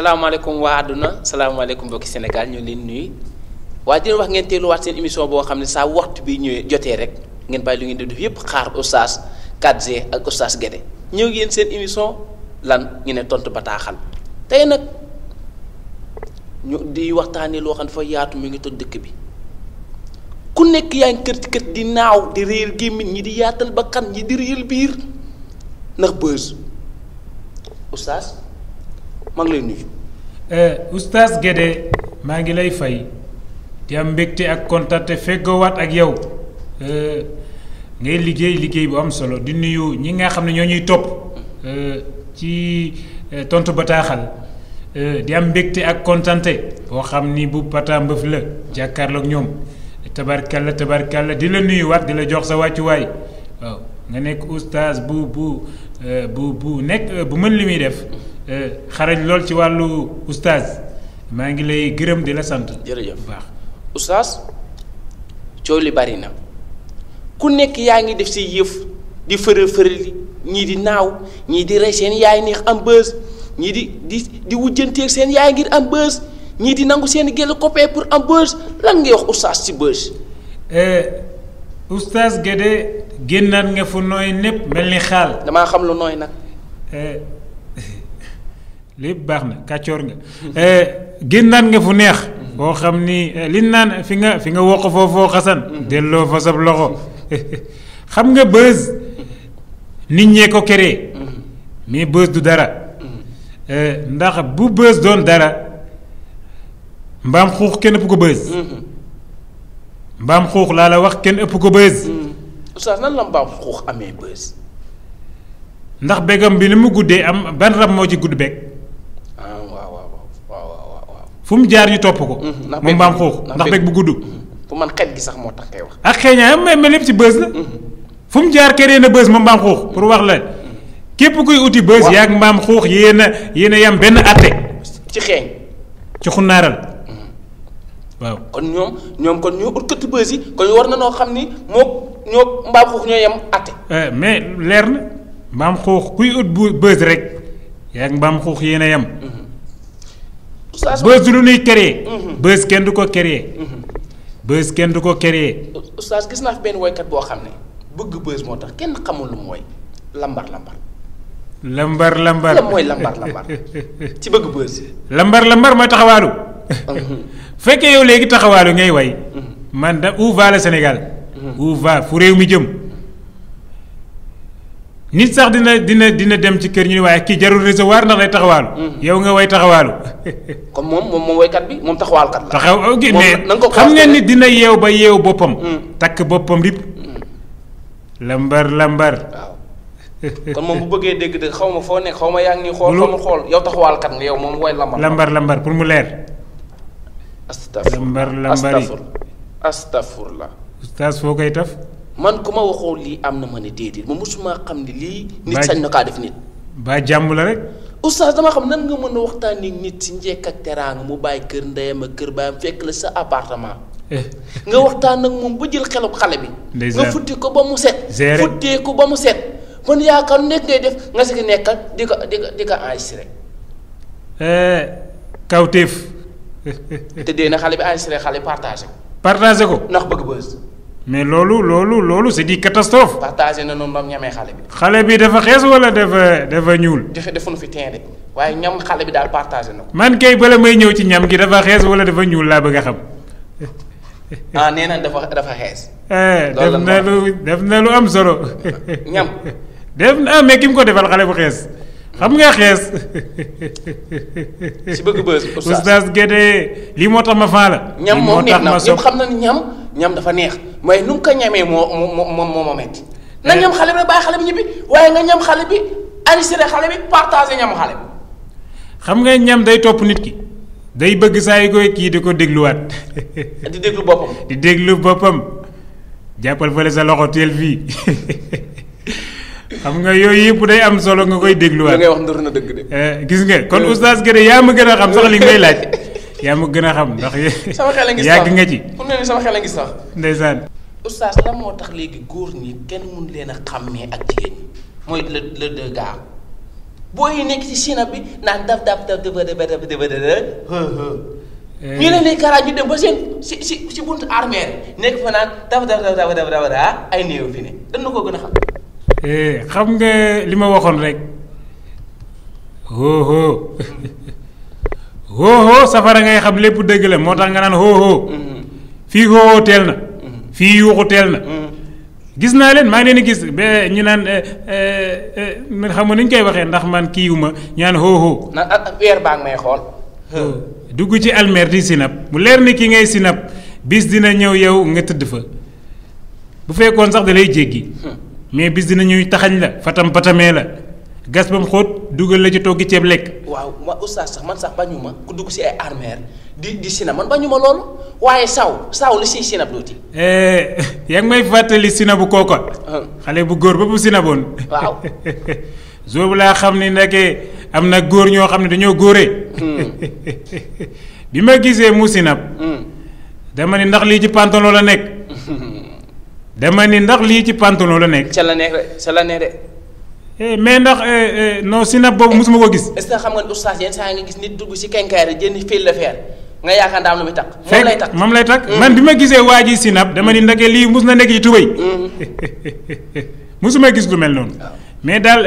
salaamaaleykum waa àdduna salaamaaleykum mbokki Sénégal ñu leen nuyu waaye dina wax ngeen waat seen émission boo xam ne saa waxtu bi ñëwee jotee rek ngeen bàyyi lu ngeen di def yëpp xaar oustaz 4G ak oustaz Guédé ñëw ngeen seen émission lan ñu ne tontu bataaxal tey nag ñu di waxtaanee loo xam ne fa yaatu mi ngi toj dëkk bi ku nekk yaa ngi kër kër di naaw di réer gémmiñ ñi di yaatal bakkan ñi di réer biir ndax bës oustaz. maa ngi lay nuyu. Eh, oustaz Guédé maa ngi lay fay di am mbégte ak kontaan te feggoowaat ak yow eh, ngay liggéey liggéey bu am solo di nuyu ñi nga xam ne ñoo ñuy topp eh, ci tontu bataaxal di am mbégte ak kontante boo xam ni bu pataambëf la jàkkaarloog ñoom tabarkalla tabarkalla di la nuyuwaat di la jox sa wàccuwaay waaw nga nekk oustaz bu bu bu bu nekk bu mën li muy def. Euh, xarañ lool ci wàllu oustaz maa ngi lay gërëm di la sant. jërëjëf bu baax oustaz coow li bari na ku nekk yaa ngi def si yëf di fërël fërël ñii di naaw ñii di rey seen yaay neex am bës ñii di di di wujjanteeg seen yaay ngir am bës ñii di nangu seen gël copain pour am bës lan ngay wax oustaz si bës. Euh, oustaz Guédé génnaat nga fu nooy népp mel ni xaal. damaa xam lu nooy nag. Euh, lépp baax na kàccoor nga eh, génnaat nga fu neex boo xam ni eh, li naan fi nga fi nga wokk foofoo xasan delloo fa sab loxo xam nga bës nit ñee ko créé mais bës du dara eh, ndax bu bës doon dara mbaam xuux kenn ëpp ko bës mbaam xuux laa la wax kenn ëpp ko bës oustaz nan la mbaam xuux amee bës ndax begam bi ni mu guddee am ban rab moo ci gudd beg fu mu jaar ñu topp ko. Mhm. moom mbaam xuux ndax beeg bu gudd. pour mhm. man xet gi sax moo tax kay wax. ak xeeñaayam mais lépp ci bës la. Mhm. fu mu jaar këree na bës moom mbaam pour wax la képp kuy uti bës. waaw yaag mbaam xuux yéen a yéen a yam benn atte. ci xeeñ. ci xunnaaral. kon ñoom ñoom kon ñoo utkati yi kon war na noo xam ni moo ñoo mbaam xuux ñoo yam eh, mais leer na mbaam xuux kuy ut bu bës rek yaag mbaam xuux yéen a yam. bës du lu nuy créer. Mhm. bës kenn du ko créer. Mhm. bës kenn du ko créer. oustaz gis naa fi benn woykat boo xam ne bëgg bës moo tax kenn xamul lu mooy lambar lambar. lambar lambar mooy lambar lambar ci bëgg bës. lambar lambar mooy taxawaalu. Mhm. fekkee yow léegi taxawaalu ngay way. man da où va Sénégal. où fu réew mi jëm. nit sax dina dina dina dem ci kër ñu way ki kii jarul recevoir ndax day taxawaalu mm. yow nga way taxawal comme mom mom way kat bi taxawal kat la taxaw ok mais xam ngeen ni dina yew ba yew bopam mm. tak bopam rib mm. lambar lambar kon mom bu bëggee dégg dëgg xawma fo nek xawma xaw ni xol ngi xol yow taxawal kat nga yow mom way lambar lambar lambar pour mu leer astafur lambar lambar astafur astafur ustaz fo kay taf man ku ma waxoo lii am na ma ne déedéet ma mosuma xam ne lii. nit sañ na kaa def nit. ba jàmm la rek. oustaz dama xam nan nga mën a waxtaanee nit si njekk ak teraanga mu bàyyi kër ndeyam ak kër baayam fekk la sa appartement. Eh. nga waxtaan ak moom ba jël xelub xale bi. nga futti ko ba mu set. futtee ko ba mu set. man yaakaar nekk ngay def nga si nekk di ko di ko di ko enregistré. Eh, kawteef. te dee na xale bi enregistré xale partage ko. partagé ko ndax bëgg bës. mais loolu loolu loolu c'est di catastrophe. partagé na noonu ba mu ñamee xale bi. xale bi dafa xees wala dafa dafa ñuul. defe defuñu fi teen de waaye ñam xale bi daal partagé na ko. man kay bala may ñëw ci ñam gi dafa xees wala dafa ñuul laa bëgg a xam. ah nee na dafa dafa xees. Eh, def na lu def na lu am solo. ñam. def na ah mais ki mu ko defal xale bu xees. xam nga xees. si bëgg bës. oustaz Guédé lii moo tax ma faa la. ñam moom neex na ñëpp xam na ni ñam. ñam dafa neex mooy nu ko ñame mo mo mo mo metti na ñam xale bi bàyyi xale bi ñibi waye nga ñam xale bi enregistré xale bi partager ñam xale xam nga ñam day top nit ki day bëgg say yi koy kii di ko wat di déglu bopam di déglu boppam jàppal fële sa loxo tel fii xam nga yoy yep day am solo nga koy wat nga wax ndur na deug de eh, gis nga kon eh. oustaz gëre yaa ma gën xam sax li ngay laaj yaa ma gën a xam ndax. sama xel a ngi sax yàgg nga ci. mun na ni sama xel a ngi sax. ndeysaan. oustaz lan moo tax léegi góor ñi kenn mun leen a xàmmee ak jigéen ñi mooy le le deux gars yi nekk ci Chine bi naan daf daf daf daf daf daf daf ñu ne ba seen si si nekk fa naan dafa dafa dafa ay néew fi ne dan na ko gën a xam. xam nga li ma waxoon rek. hoo hóohóo safara ngay xam lépp dëgg la moo tax nga naan hóohóo fii hóohóo teel na fii yuuxu teel na gis naa leen maa ngi leen di gis ba ñu naan man eh, eh, eh, xam nga ni ñu koy waxee ndax man kii ma ñu naan hóohóo naan ak weer dugg ci almeer di sinap mu leer ni ki ngay sinap bis dina ñëw yow nga tëdd fa bu fekkoon sax da lay jéggi mais bis dina ñuy taxañ la fatam patamee la gas ba mu xóot dugal la ci toggi ceeb lekk. waaw ma oustaz sax man sax bañu ma ku dugg si ay armeer di di sina man bañu loolu waaye saw saw li siy sinab dooti. Eh, yaa ngi may fàttali sinabu kooka. xale bu góor ba bu sinaboon. waaw. jour bu laa xam ne ndeke am na góor ñoo xam ne dañoo góoree. bi ma gisee mu sinab. dama ni ndax lii ci pantalon la nekk. dama ni ndax lii ci pantalon la nekk. ca la nekk de la nekk Eh, mais ndax eh, eh, non synap boobu mosuma ko gis. est-ce que xam nga oustaz yenn saa nga gis nit dugg ci kenkaari jënd fil la fer nga yaakaar daa am lu muy takk. moom lay takk mm. man bi ma gisee waa ji synap dama ni ndeke lii mos na nekk ci tubéy. mosuma mm. gis lu mel noonu. Ah. mais daal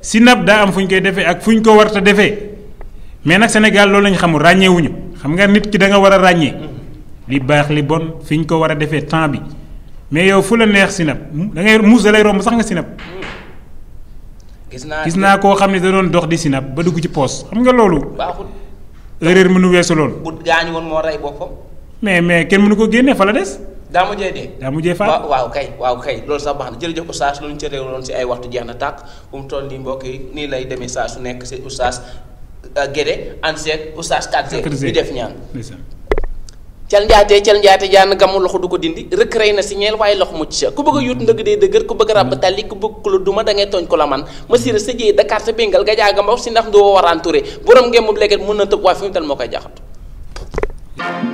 synap daa am fu ñu koy defee ak fu ko warta defee mais nag Sénégal loolu lañ xamul ràññeewuñu xam nga nit ki da nga war a ràññee. Mm. li baax li bon fi ko war a defee temps bi mais yow la neex synap da muus da lay romb sax nga synap. gis naa gis naa koo xam ne da doon dox di sinap ba dugg ci poos xam nga loolu. baaxul erreur mënu weesu loolu. bu gaañu woon moo rey boppam. mais mais kenn mënu ko génne fa la des. daa mujjee dee. daa mujjee faa waaw kay waaw kay loolu sax baax na jërëjëf oustaz lu ñu ca réewloon si ay waxtu jeex na tàkk bu mu toll nii mbokk nii lay demee saa su nekk si oustaz euh, Guédé ànd seeg oustaz Kante. ñu def ñaan cal njaatee cal njaate jaan gamul loxo du ko dindi rëkk rey na si ñeel waaye loxo mucc sa ku bëgg a yuut ndëgg dee dëgër ku bëgg a ràbb tàlli ku bëgg ku duma da tooñ ko la man masira sa jee Dakar sa béngal ga mbaw si ndax ndoo waraan Touré borom ngeen moom léegi mun na tëb waaye fu mu dal moo koy jaxatu